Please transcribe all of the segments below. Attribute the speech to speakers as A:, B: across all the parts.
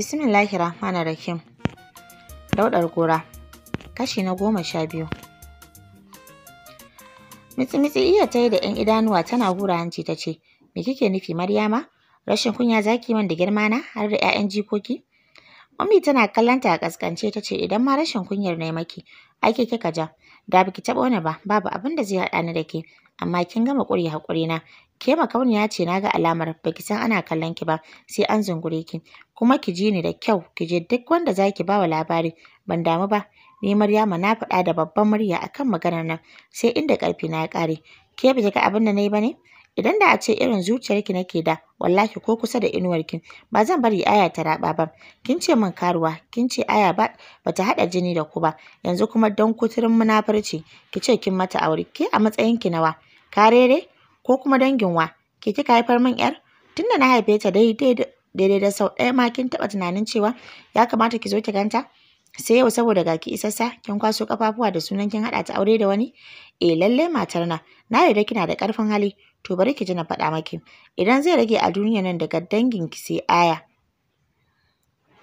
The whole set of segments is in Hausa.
A: Bismillahi Rahmanir Rahim. Daudar gora. Kashi na goma sha biyu. Mitsi-mitsi iya ta yi da ‘yan idanuwa tana hura hanci ta ce, Me kike nufi Maryama? Rashin kunya zaki man da girma na har da ‘ya'yan jikoki? Mummy tana kallanta a kaskance ta ce, Idan ma rashin kunyar ne maki, ake kika ja. Da biki taɓa wani ba, babu abin da zai haɗa ni da ke. Amma kin gama ƙuri haƙuri na, Ke makauniya ce na ga alamar baki san ana kallon ki ba sai an zungure ki. Kuma ki ji ni da kyau ki je duk wanda zaki ki bawa labari ban damu ba. Ni Maryama na faɗa da babban murya akan maganar nan sai inda ƙarfi na ya ƙare. Ke ba ga abin da na yi ba ne? Idan da a ce irin zuciyarki nake da, wallahi ko kusa da inuwarki, ba zan bari aya ta raba ba. Kin ce min karuwa, kin ce aya ba bata haɗa jini da ku ba, yanzu kuma don kuturin munafurci, ki ce kin mata aure, ke a matsayin ki nawa. Karere, ko kuma dangin wa ke kika haifar min yar tunda na haife ta daidai daidai da sau ɗaya ma kin taɓa tunanin cewa ya kamata ki zo ki ganta sai yau saboda ga ki isassa kin kwaso kafafuwa da sunan kin haɗa ta aure da wani eh lalle matar na na yarda kina da ƙarfin hali to bari ki ji na faɗa maki idan zai rage a duniya nan daga dangin ki sai aya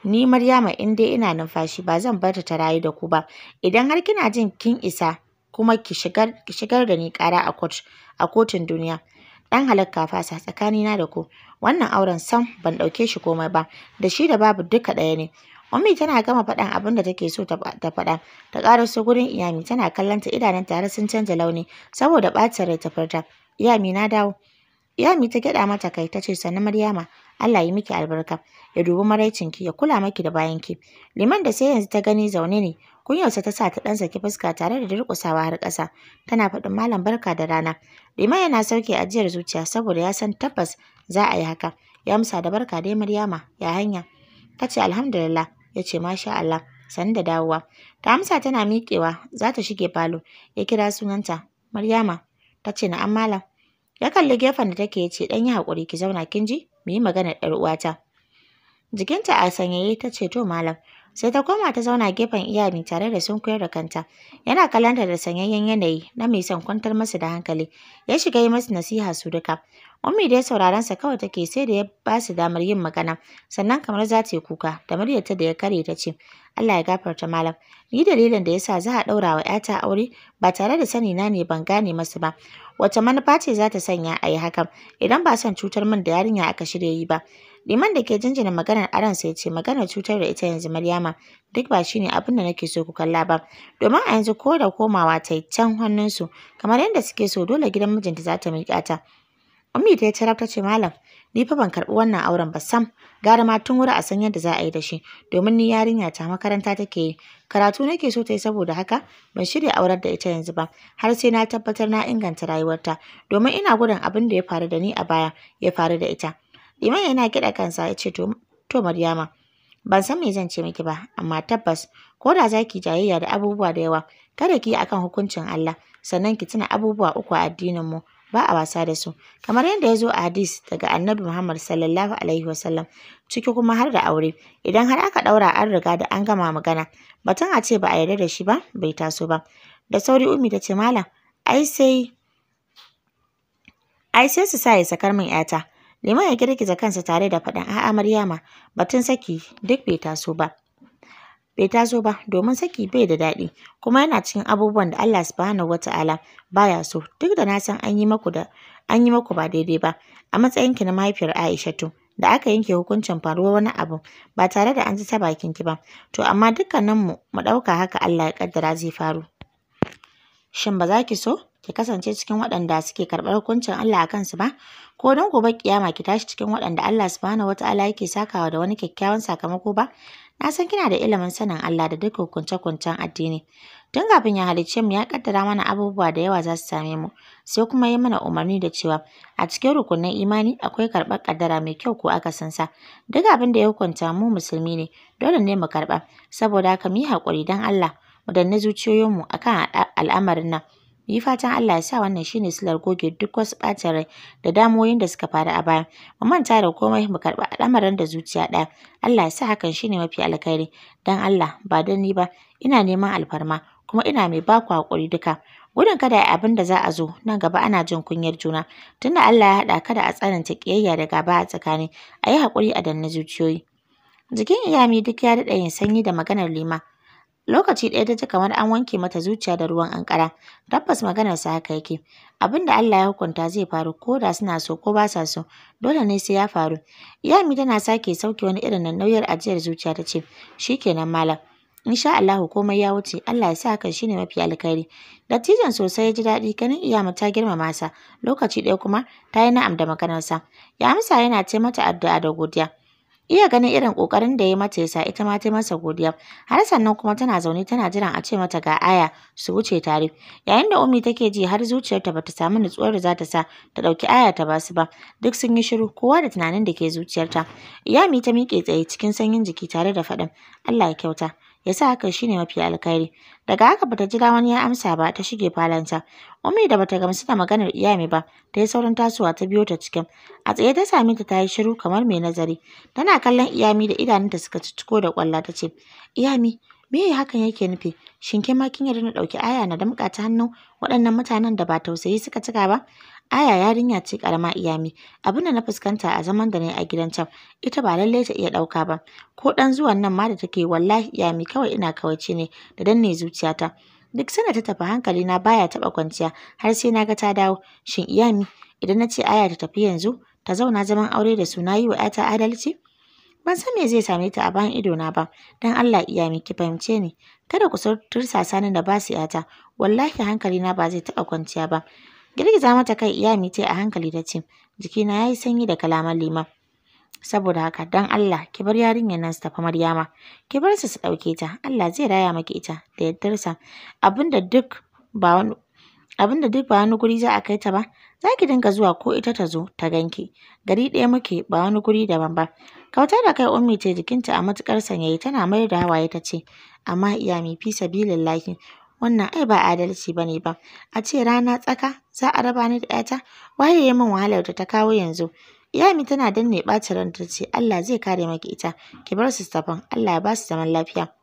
A: ni Maryama in dai ina numfashi ba zan bar ta ta rayu da ku ba idan har kina jin kin isa kuma ki shigar da ni ƙara a court a kotun duniya. Dan halakka fasa tsakanina da ku. Wannan auren sam ban ɗauke shi komai ba, da shi da babu duka ɗaya ne. Ummi tana gama faɗan abin da take so ta faɗa, ta su gurin Iyami tana kallon ta idanun tare sun canja launi saboda ɓatar rai ta furta. Iyami na dawo. Iyami ta gyaɗa mata kai tace ce sannu Maryama, Allah yi miki albarka ya dubi maraicinki ya kula maki da bayanki liman da sai yanzu ta gani zaune ne kunyarsa ta sa ta ɗan saki fuska tare da durƙusawa har ƙasa tana faɗin malam barka da rana liman yana sauke ajiyar zuciya saboda ya san tabbas za a yi haka ya amsa da barka dai maryama ya hanya ta ce alhamdulillah ya ce masha Allah sani da dawowa ta amsa tana miƙewa za ta shige falo ya kira sunanta maryama ta ce na'am malam ya kalli gefen da take ya ce ɗan yi haƙuri ki zauna kin ji mu yi maganar ‘yar uwata. Jikinta a sanyaye ta ce to malam. Sai ta koma ta zauna gefen iyami tare da sunkuyar da kanta. Yana kalanta da sanyayyen yanayi na mai son kwantar masa da hankali. Ya shiga yi masa nasiha su duka. Ummi dai sauraron sa kawai take sai da ya ba su damar yin magana sannan kamar za ta yi kuka da muryar ta da ya kare ta ce Allah ya gafarta malam ni dalilin da yasa za a daura wa yata aure ba tare da sani na ne ban gane masu ba wace manufa ce za ta sanya a yi hakan idan ba son cutar min da yarinya aka shirya yi ba Liman da ke jinjina maganar aron sai ce maganar cutar da ita yanzu Maryama duk ba shine abin da nake so ku kalla ba domin a yanzu ko da komawa ta yi can hannunsu kamar yadda suke so dole gidan mijinta za ta miƙa ta Ummi ta yi carab ta ce malam ni fa ban karɓi wannan auren ba sam gara ma tun wuri a san yadda za a yi da shi domin ni yarinya ta makaranta take yi karatu nake so ta yi saboda haka ban shirya aurar da ita yanzu ba har sai na tabbatar na inganta rayuwarta domin ina gudun abin da ya faru da ni a baya ya faru da ita liman yana kiɗa kansa ya ce to maryama ban san me zan ce miki ba amma tabbas ko da za ki jayayya da abubuwa da yawa kada ki yi akan hukuncin Allah sannan ki tuna abubuwa uku a addinin mu ba a wasa da su. Kamar yadda ya zo a hadis daga Annabi Muhammad Sallallahu Alaihi Wasallam ciki kuma har da aure. Idan har aka ɗaura an riga da an gama magana. Batun a ce ba a yarda da shi ba bai taso ba. Da sauri umi ta ce malam ai sai su sa ya sakar min 'yata. Liman ya girgiza kansa tare da faɗin a'a Maryama batun saki duk bai taso ba. bai taso ba domin saki bai da daɗi kuma yana cikin abubuwan da Allah subhanahu wata'ala baya so duk da na san an yi maku da an yi maku ba daidai ba a matsayin ki na mahaifiyar Aisha to da aka yanke hukuncin faruwar wani abu ba tare da an ji ta bakin ki ba to amma dukkanin mu mu ɗauka haka Allah ya kaddara zai faru shin ba za ki so ki kasance cikin waɗanda suke karɓar hukuncin Allah akan su ba ko don gobe kiyama ki tashi cikin waɗanda Allah subhanahu wataala yake sakawa da wani kyakkyawan sakamako ba Na san kina da ilimin sanin Allah da duka hukunce-hukuncen addini. Tun kafin ya halicce mu ya kaddara mana abubuwa da yawa za su same mu, sai kuma ya mana umarni da cewa a cikin rukunin imani akwai karɓar kaddara mai kyau ko san sa. Duk abin da ya hukunta mu musulmi ne, dole ne mu karɓa. Saboda haka mu yi haƙuri don Allah mu danne mu akan al'amarin nan. yi fatan Allah ya sa wannan shine silar goge duk wasu ɓacin rai da damuwoyin da suka faru a baya. Mu manta da komai mu karɓi al'amarin da zuciya ɗaya. Allah ya sa hakan shine mafi alkhairi. Dan Allah ba dan ni ba. Ina neman alfarma kuma ina mai baku haƙuri duka. Gudun kada a abin da za a zo nan gaba ana jin kunyar juna. Tunda Allah ya haɗa kada a tsananta ƙiyayya da gaba a tsakani. A yi haƙuri a danna zuciyoyi. Jikin iyami duk ya daɗa yin sanyi da maganar Lima. Lokaci ɗaya ta ji kamar an wanke mata zuciya da ruwan ankara Tabbas maganarsa haka yake. Abin da Allah ya hukunta zai faru ko da suna so ko ba sa so. Dole ne sai ya faru. Yami tana sake sauke wani irin nan nauyar ajiyar zuciya ta ce, Shi kenan malam. In sha Allahu komai ya wuce, Allah ya sa hakan shine mafi alkhairi. Dattijan sosai ya ji daɗi ganin iyama ta girmama sa, lokaci ɗaya kuma ta yi na'am da maganarsa. Ya amsa yana ce mata addu'a da godiya. Iya ganin irin ƙoƙarin da ya mata ya sa ita ma ta masa godiya. Har sannan kuma tana zaune tana jiran a ce mata ga aya su wuce tare. Yayin da Ummi take ji har zuciyarta bata samu nutsuwar da za ta sa ta ɗauki aya ta basu ba. Duk sun yi shiru kowa da tunanin da ke zuciyarta. Iyami ta miƙe tsaye cikin sanyin jiki tare da faɗin Allah ya kyauta. ya sa hakan shine mafi alkhairi daga haka bata jira wani ya amsa ba ta shige falanta ummi da bata gamsu da maganar iyami ba ta yi sauran tasowa ta biyo ta cikin a tsaye ta sami ta yi shiru kamar mai nazari tana kallon iyami da idanunta suka cicciko da kwalla ta ce iyami me hakan yake nufi shin kin ma kin yarda na dauki aya na damƙa ta hannu waɗannan mutanen da ba tausayi suka cika ba Aya yarinya ce ƙarama Iyami. Abin da na fuskanta a zaman da na a gidan can, ita ba lallai ta iya ɗauka ba. Ko ɗan zuwan nan ma da take wallahi Iyami kawai ina kawace ne da danne zuciyata. Duk sanda ta tafi hankali na baya taɓa kwanciya har sai na ga ta dawo. Shin Iyami idan na ce Aya ta tafi yanzu ta zauna zaman aure da su na yi wa 'yata adalci? Ban san me zai same ta a bayan ido na ba. Dan Allah Iyami ki fahimce ni. Kada ku tursasa Sani da ba su 'yata. Wallahi hankali na ba zai taɓa kwanciya ba. Girgiza mata kai Iyami ce a hankali ta ce, jikina ya yi sanyi da kalaman liman. Saboda haka don Allah ki bar yarinyar nan su tafi Maryama. Ki bar su su ɗauke ta. Allah zai raya maki ita da yardarsa. Abinda duk ba wani abinda duk ba wani guri za a kai ta ba, za ki dinga zuwa ko ita ta zo ta ganki. Gari ɗaya muke ba wani guri daban ba. Kautar da kai ummi ce jikinta a matuƙar sanyayi tana mayar da hawaye ta ce, amma iyami fi sabilillahi Wannan ai ba adalci ba ne ba. A ce rana tsaka za a raba ni da ‘yata? Waye ya min wahalar da ta kawo yanzu? Iyami tana danne ɓacin ran ta ce Allah zai kare maki ita. Ki bar su Allah ya ba su zaman lafiya.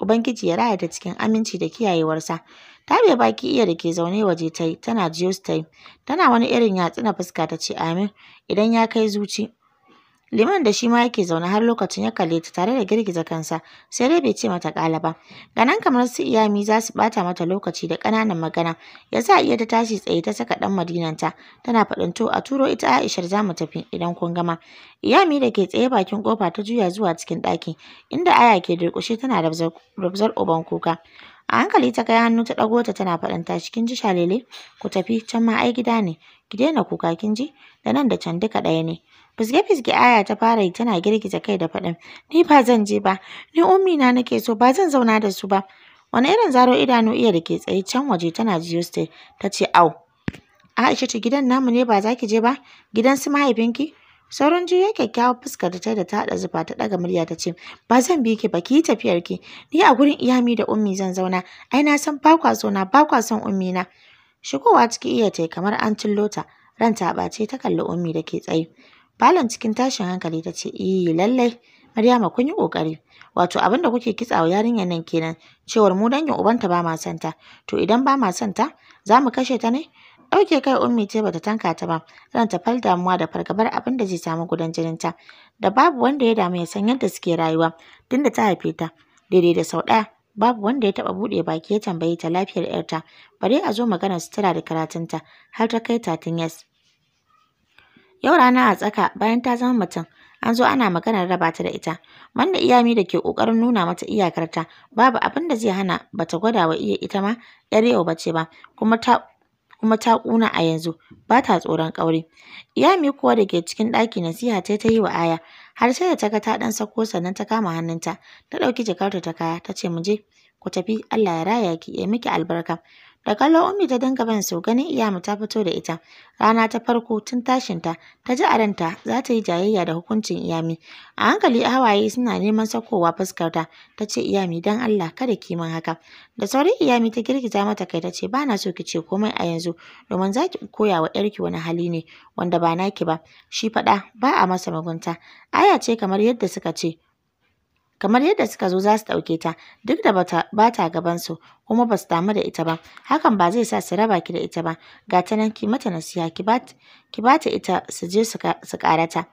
A: Ubangiji ya raya ta cikin aminci da kiyayewarsa. Ta bai baki iya da ke zaune waje ta yi, tana jiyo ta yi. Tana wani irin yatsuna fuska ta ce amin idan ya kai zuci. Liman da shi ma yake zaune har lokacin ya kalle ta tare da girgiza kansa, sai dai bai ce mata ƙala ba. Ganan kamar su iyami za su bata mata lokaci da ƙananan magana, ya sa iya ta tashi tsaye ta saka ɗan madinanta, tana faɗin to a turo ita Aisha za mu tafi idan kun gama. Iyami da ke tsaye bakin ƙofa ta juya zuwa cikin ɗaki, inda Aya ke durƙushe tana rabzar uban kuka. A hankali ta kai hannu ta ɗago ta tana faɗin ta cikin ji shalele ku tafi can ma ai gida ne ki daina kuka kin ji da nan da can duka ɗaya ne. Fisge-fisge aya ta fara yi tana girgiza kai da faɗin, ni ba zan je ba, ni ummi na nake so ba zan zauna da su ba. Wani irin zaro idanu iya da ke tsaye can waje tana jiyo ta ce au. Aisha ce gidan namu ne ba za ki je ba, gidan su mahaifinki? Sauran juya kyakkyawar fuskar ta da ta haɗa zufa ta ɗaga murya ta ce, Ba zan bi ki ba ki yi tafiyar ki, ni a gurin iyami da ummi zan zauna, ai na san ba kwa zauna ba kwa son ummi na. Shigowa ciki iya ta kamar an cillo ta, ranta ɓace ta kalli ummi da ke tsaye. Falon cikin tashin hankali ta ce, "Eh, lallai, Maryama kun yi ƙoƙari. Wato abin da kuke wa yarinyar nan kenan, cewar mu dangin ubanta ba ma santa. To idan ba ma santa, za mu kashe ta ne?" Ɗauke kai ummi ce bata tanka ta ba, ran ta fal damuwa da fargabar abin da zai samu gudan jinin ta Da babu wanda ya damu ya san yadda suke rayuwa, tun da ta haife ta, daidai da sau ɗaya. Babu wanda ya taɓa buɗe baki ya tambaye ta lafiyar ‘yarta, bare a zo maganar sutura da karatunta, har ta kai 13 yas. Yau rana a tsaka bayan ta zama mutum, an zo ana maganar raba ta da ita. Wanda iyami da ke ƙoƙarin nuna mata iyakarta, babu abin da zai hana bata ta gwada wa iya ita ma ‘yar yau ba ce ba, kuma ta kuma ta ƙuna a yanzu, ba ta tsoron ƙauri. Iyami kuwa da ke cikin ɗaki nasiha ce ta yi wa Aya, har sai da ta ga ta ɗan sako sannan ta kama hannunta, ta ɗauki jakarta ta kaya ta ce mu je, ku tafi Allah ya raya ki ya miki albarka. Da kallon Ummi ta dinga bin su ganin Iyamu ta fito da ita. Rana ta farko tun tashin ta ta ji a ranta za ta yi jayayya da hukuncin Iyami. A hankali hawaye suna neman sakowa fuskarta ta ce Iyami 'Dan Allah kada ki min haka. Da sauri Iyami ta girgiza mata kai ta ce ba na so ki ce komai a yanzu domin za ki koya wa ‘yarki wani hali ne wanda ba naki ba. Shi faɗa ba a masa mugunta. Aya ce kamar yadda suka ce kamar yadda suka zo za su ɗauke ta duk da ba ta su kuma ba su damu da ita ba hakan ba zai sa su raba ki da ita ba ga ta nan ki mata nasiha ki ba ta ita su je su ƙarata"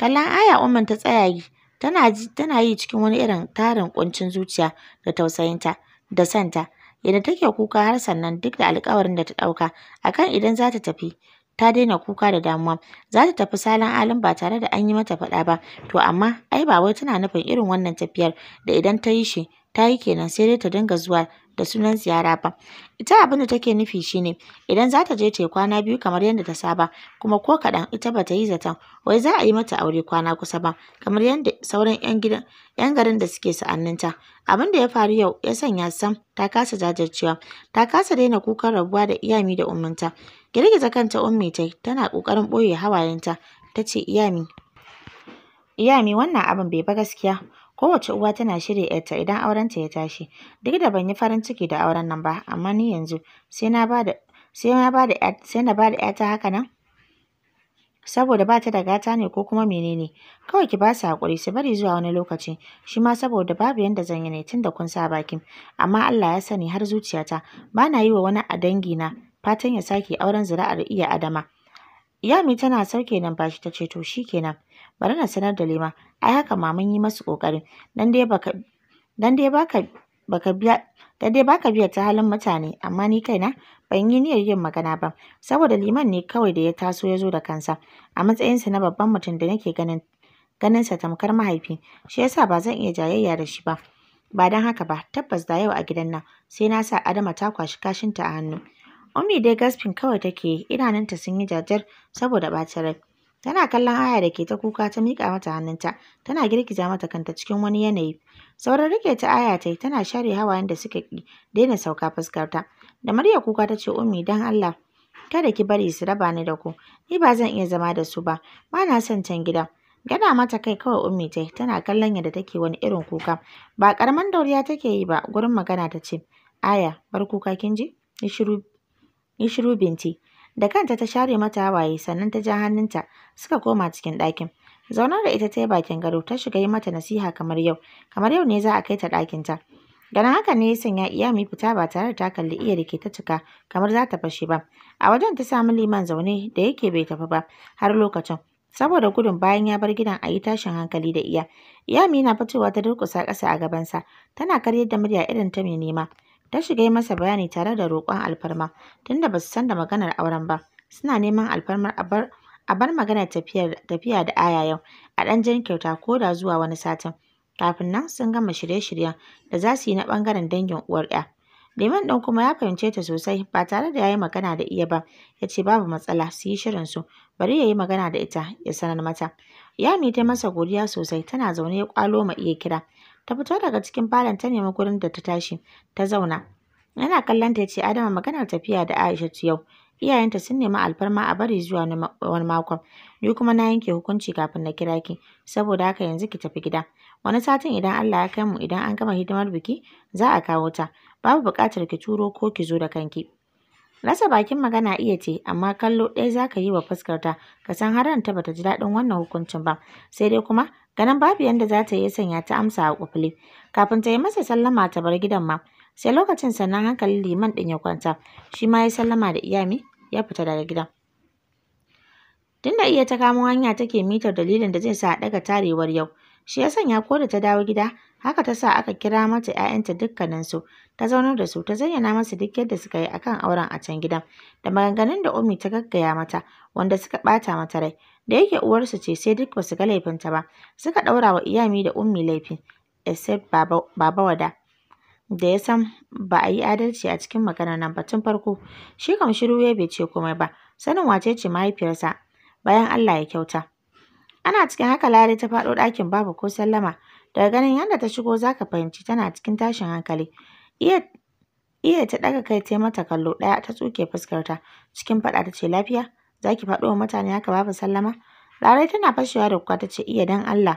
A: kallon aya umman ta tsaya yi tana yi cikin wani irin tarin kuncin zuciya da tausayinta da santa yadda take kuka har sannan duk da alkawarin da ta ɗauka akan idan za ta tafi ta daina kuka da damuwa. Za ta tafi salon halin ba tare da an yi mata faɗa ba. To amma ai ba wai tana nufin irin wannan tafiyar da idan ta yi shi ta yi kenan sai dai ta dinga zuwa da sunan ziyara ba. Ita abin da take nufi shi ne. idan za ta je ta yi kwana biyu kamar yadda ta saba kuma ko kaɗan ita ba ta yi zaton wai za a yi mata aure kwana kusa ba kamar yadda sauran 'yan garin da suke sa'anninta. Abin da ya faru yau ya sanya Sam ta kasa jajircewa ta kasa daina kukan rabuwa da iyami da umminta. Girgiza kanta ummi ta tana ƙoƙarin ɓoye hawayenta ta ce iyami iyami wannan abin bai ba gaskiya kowace uwa tana shirya ‘yarta idan aurenta ya tashi. Duk da ban yi farin ciki da auren nan ba, amma ni yanzu sai na ba da ‘yata haka nan? Saboda ba ta da gata ne ko kuma menene, Kawai ki ba su haƙuri su bari zuwa wani lokaci, shi ma saboda babu yanda zan yi ne tun da kun sa bakin. Amma Allah ya sani har zuciyata ba na yi wa wani a dangi na, fatan ya sake auren zuri'ar iya Adama. Yami tana sauke nan numfashi ta ce to shi kenan. bari na sanar da Liman ai haka ma mun yi masu kokari dan dai baka dan biya ta halin mutane amma ni kaina ban yi niyyar yin magana ba saboda Liman ne kawai da ya taso ya zo da kansa a matsayinsa na babban mutum da nake ganin sa tamkar mahaifi shi yasa ba zan iya jayayya da shi ba ba dan haka ba tabbas da yau a gidan nan sai na sa Adama ta kwashi kashinta a hannu Ummi dai gaspin kawai take yi idanunta sun yi jajar saboda ɓacin rai Tana kallon Aya da ke ta kuka ta miƙa mata hannunta, tana girgiza mata kanta cikin wani yanayi. Sauran rike ta Aya ta yi tana share hawayen da suka ƙi daina sauka fuskarta. Da murya kuka ta ce Ummi don Allah kada ki bari su raba ni da ku, ni ba zan iya zama da su ba, ba na son can gida. Gada mata kai kawai Ummi ta yi tana kallon yadda take wani irin kuka. Ba ƙaramin dauriya take yi ba gurin magana ta ce, Aya bar kuka kin ji? Yi shiru, yi shiru binti. da kanta ta share mata hawaye sannan ta ja hannunta suka koma cikin ɗakin zaunar da ita ta yi bakin gado ta shiga yi mata nasiha kamar yau kamar yau ne za a kai ta ɗakinta ganin haka ne ya sanya iyami fita ba tare da ta kalli iya da ta cika kamar za ta fashe ba a wajen ta samu liman zaune da yake bai tafi ba har lokacin saboda gudun bayan ya bar gidan a yi tashin hankali da iya iyami na fitowa ta durƙusa ƙasa a gabansa tana karyar da murya irin ta mai nema Ta shiga masa bayani tare da roƙon alfarma, tunda ba su san da maganar auren ba, suna neman alfarmar a bar maganar tafiya da Aya a ɗan kyauta ko da zuwa wani satin. Kafin nan sun gama shirye-shiryen da za su yi na ɓangaren dangin uwar 'ya. Liman ɗin kuma ya fahimce ta sosai ba tare da ya yi magana da iya ba, ya ce babu matsala su yi su bari ya yi magana da ita ya sanar mata. Yami ta masa godiya sosai tana zaune ya kwalo ma iya kira. ta fito daga cikin falon ta nemi gurin da ta tashi ta zauna yana kallon ta ya ce adama maganar tafiya da Aisha ta yau iyayenta sun nemi alfarma a bari zuwa wani makon ni kuma na yanke hukunci kafin na kira ki saboda haka yanzu ki tafi gida wani satin idan Allah ya kai mu idan an gama hidimar biki za a kawo ta babu buƙatar ki turo ko ki zo da kanki rasa bakin magana iya ce amma kallo ɗaya za ka yi wa fuskarta, ta ka san har ta bata ji daɗin wannan hukuncin ba sai dai kuma Ganin babu yadda za ta yi sanya ta amsa a ƙufle. Kafin ta yi masa sallama ta bar gidan ma. Sai lokacin sannan hankalin liman ɗin ya kwanta. Shi ma ya sallama da iyami ya fita daga gidan. Tunda iya ta kamo hanya take mitar dalilin da zai sa a ɗaga tarewar yau. Shi ya sanya ko da ta dawo gida Haka ta sa aka kira mata ‘ya'yanta dukkaninsu, ta zaunar da su, ta zayyana masu duk yadda suka yi akan auren a can gidan, da maganganun da Ummi ta gaggaya mata, wanda suka ɓata mata rai. Da yake uwarsu ce sai duk basu ga laifinta ba, suka ɗaura wa Iyami da Ummi laifin, except Baba, Wada. da ya san ba a yi adalci a cikin maganar nan batun farko shi kam shiru ya bai ce komai ba sanin wace ce mahaifiyarsa bayan Allah ya kyauta ana cikin haka Ladi ta faɗo ɗakin babu ko sallama Daga ganin yadda ta shigo za ka fahimci tana cikin tashin hankali. Iya ta ɗaga kai ta mata kallo ɗaya ta tsuke fuskarta cikin faɗa ta ce lafiya za ki faɗo wa mutane haka babu sallama. Larai tana fashewa da kuka ta ce iya don Allah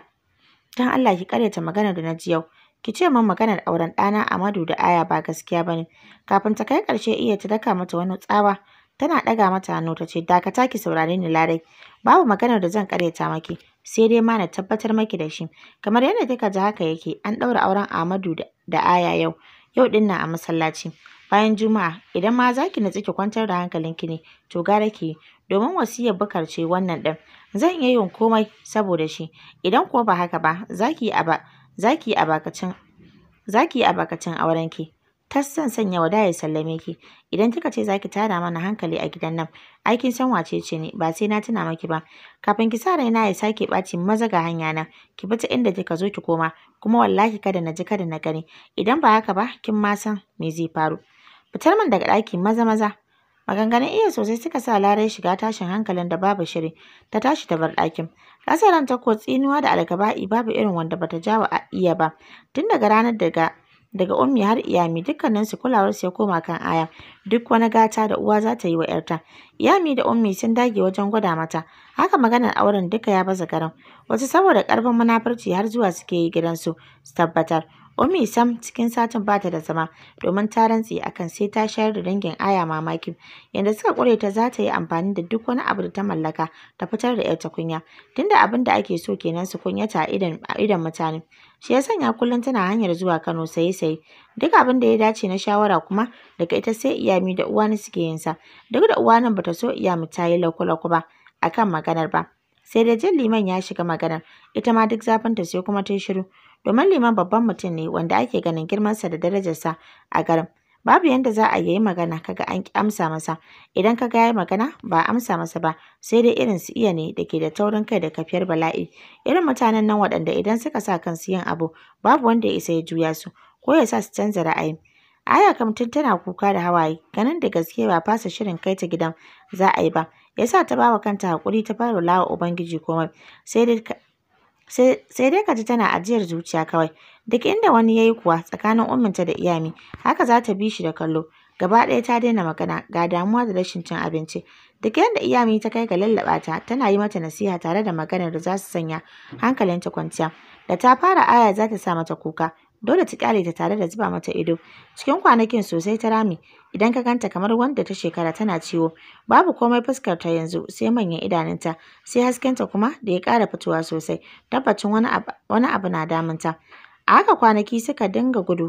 A: don Allah ki karyata maganar da na ji yau. Ki ce min maganar auren ɗana Amadu da Aya ba gaskiya ba ne. Kafin ta kai ƙarshe iya ta daka mata wani tsawa Tana ɗaga mata hannu ta ce, Dakata ki saurare ni Larai, babu maganar da zan karyata maki, sai dai ma na tabbatar maki da shi. Kamar yadda kika ji haka yake, an ɗaura auren Ahmadu da Aya yau, yau din na a masallaci. Bayan Juma'a, idan ma za ki natsu ki kwantar da hankalin ki ne, to gara ki domin wasiya bukar ce wannan ɗin. Zan iya yin komai saboda shi, idan kuwa ba haka ba, za ki yi a bakacin ki. Kas zan sanya wada ya sallame ki idan kika ce zaki tara mana hankali a gidan nan aikin kin san wace ce ne ba sai na tuna maki ba kafin ki sa raina ya sake baci maza ga hanya na ki bi inda kika zo ki koma kuma wallahi kada na ji kada na gani idan ba haka ba kin ma san me zai faru fitar min daga ɗaki maza maza maganganun iya sosai suka sa larai shiga tashin hankalin da babu shiri ta tashi ta bar ɗakin kasaran ta ko tsinuwa da alkaba'i babu irin wanda bata jawa iya ba tun daga ranar daga daga ummi har iyami dukkaninsu kulawarsu ya koma kan aya duk wani gata da uwa za ta yi wa ‘yarta. Iyami da ummi sun dage wajen gwada mata, haka maganar auren duka ya baza garan. Wasu saboda ƙarfin munafurci har zuwa suke yi gidansu su tabbatar. Ummi Sam cikin satin bata da zama domin ta rantse akan sai ta shayar da dangin aya mamaki. Yanda suka ƙure ta za ta yi amfani da duk wani abu da ta mallaka ta fitar da ‘yarta kunya. Tunda abin da ake so kenan su kunyata a idon mutane. Shi ya sanya kullum tana hanyar zuwa Kano saye saye. Duk abin da ya dace na shawara kuma daga ita sai Iyami da Uwani suke yin sa. Duk da Uwanin bata so Iyami ta yi lauku-lauku ba akan maganar ba. Sai da jin liman ya shiga maganar, ita ma duk zafin ta sai kuma ta shiru. Domin liman babban mutum ne wanda ake ganin girman sa da darajarsa a garin. Babu yadda za a yayi magana kaga an amsa masa. Idan kaga yayi magana ba amsa masa ba sai dai irin su iya ne da ke da taurin kai da kafiyar bala'i. Irin mutanen nan waɗanda idan suka sa kansu yin abu babu wanda ya isa ya juya su ko ya sa su canza ra'ayi. Aya kam tun tana kuka da hawaye ganin da gaske ba fasa shirin kai ta gidan za a yi ba. yasa ta bawa kanta haƙuri ta fara lawa Ubangiji komai sai dai sai dai ka tana ajiyar zuciya kawai. Duk inda wani ya yi kuwa tsakanin umminta da Iyami haka za ta bi shi da kallo. Gaba ɗaya ta daina magana ga damuwa da rashin cin abinci. Duk yadda Iyami ta kai ga lallaɓa ta tana yi mata nasiha tare da maganar da za su sanya hankalinta kwanciya. Da ta fara aya za ta sa mata kuka Dole ta kyale ta tare da zuba mata ido. Cikin kwanakin sosai ta rami idan ka ganta kamar wanda ta shekara tana ciwo. Babu komai fuskar ta yanzu sai manyan idanunta, sai haskenta kuma da ya ƙara fitowa sosai. Tabbacin wani abu na damunta. A haka kwanaki suka dinga gudu.